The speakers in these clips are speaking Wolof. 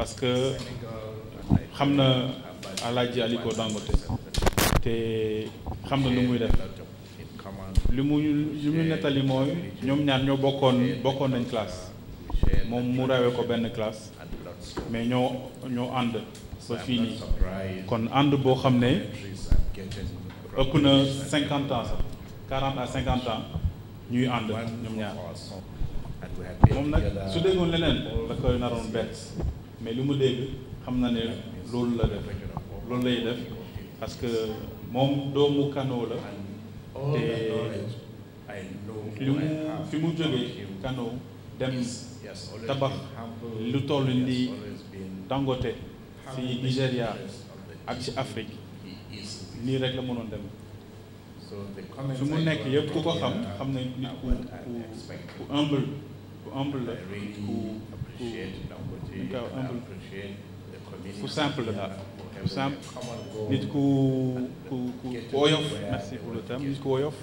parce que xam na Alaaji Aliko Dangote te xam na lu muy def li mu li mu nettali mooy ñoom ñaar ñoo bokkoon bokkoon nañ classe moom mu rawee ko benn classe mais ñoo ñoo ànd ba fii kon ànd boo xam ne ëpp na cinquante ans quarante à cinquante ans ñuy ànd ñoom ñaar moom nag su déggoon leneen la koy naroon bett mais li mu dégg xam na ne loolu la def loolu lay def parce que moom doomu Kano la oh, te li mu fi mu jógee Kano dem tabax lu toll nii Dangote ci Nigéria ak ci Afrique nii rek la mënoon dem su mu nekk yëpp ku ko xam xam ne ku ku humble ku humble la dañ ku simple la daal nit ku ku ku woyof merci pour nit ku woyof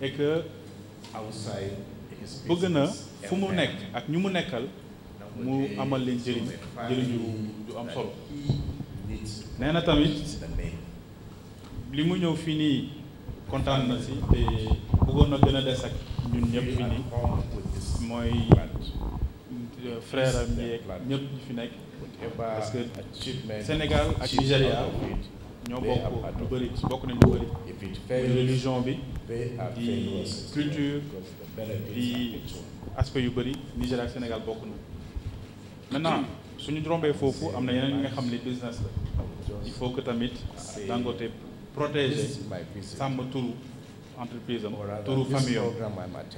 et bëgg na fu mu nekk ak ñu mu nekkal mu amal leen jëriñ jëriñ yu yu am solo nee na tamit li mu ñëw fii nii kontaan na si te bëggoon na gën a des ak ñun ñëpp fii nii mooy frère am yeeg ñëpp ñu fi nekk parce que Sénégal ak Nigéria ñoo bokk lu bëri bokk nañ lu bëri muy religion bi culture di aspect yu bëri Nigéria ak Sénégal bokk na maintenant suñu rombee foofu am na yeneen yi nga xam ne business la il faut que tamit Dangote protéger sàmm turu entreprise am turu famille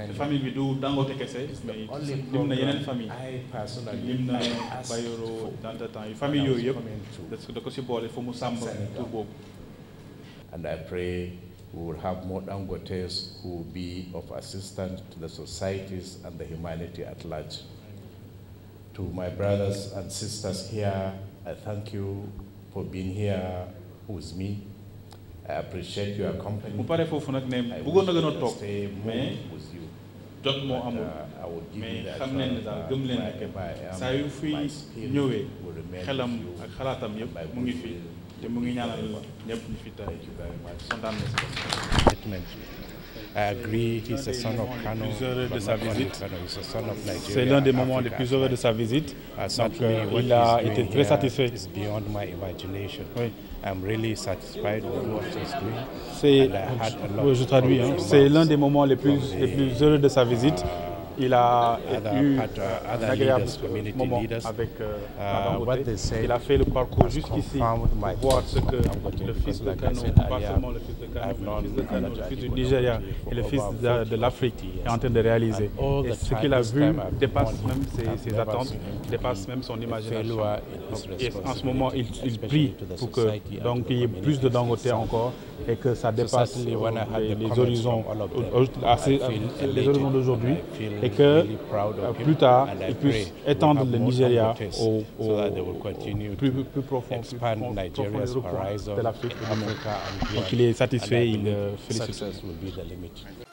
am famille bi du Dangote kese mais lim na yeneen famille lim na Bayero Danta Temps yi famille yooyu yëpp da ko si boole fu mu sàmm tur boobu and I pray we will have more Dangotes who will be of assistance to the societies and the humanity at large to my brothers and sisters here I thank you for being here with me I appreciate bu paree foofu nag ne bëggoon na gën a toog mais jot moo amul uh, mais xam leen ne daal uh, gëm leen ne saa yu fi ñëwee xelam ak xalaatam yëpp mu ngi fi te mu ngi ñaanal ñëpp ñu fi tay kontaan na si I agree it is a son of Kano. C'est l'un des moments les plus heureux de sa visite. Donc, euh, il a été très satisfait. Beyond my imagination. Oui. I'm really satisfied with what he's doing. C'est, je traduis, hein. c'est l'un des moments les plus, les plus heureux de sa visite. Uh, il a eu un agréable moment avec euh, uh, Madame Baudet. Il a fait le parcours jusqu'ici voir ce que le fils de Kano, pas seulement le fils de Kano, le fils de Kano, le fils du Nigeria et le fils de, de l'Afrique est en train de réaliser. ce qu'il a vu dépasse même ses, attentes, dépasse même son imagination. Et en ce moment, il, prie pour que donc il y ait plus de Dangote encore et que ça dépasse les horizons d'aujourd'hui. et que euh, plus tard, ils puissent étendre le Nigeria au, au, au plus, plus, profond, plus profond, profond de l'Afrique. Donc il est satisfait, il félicite.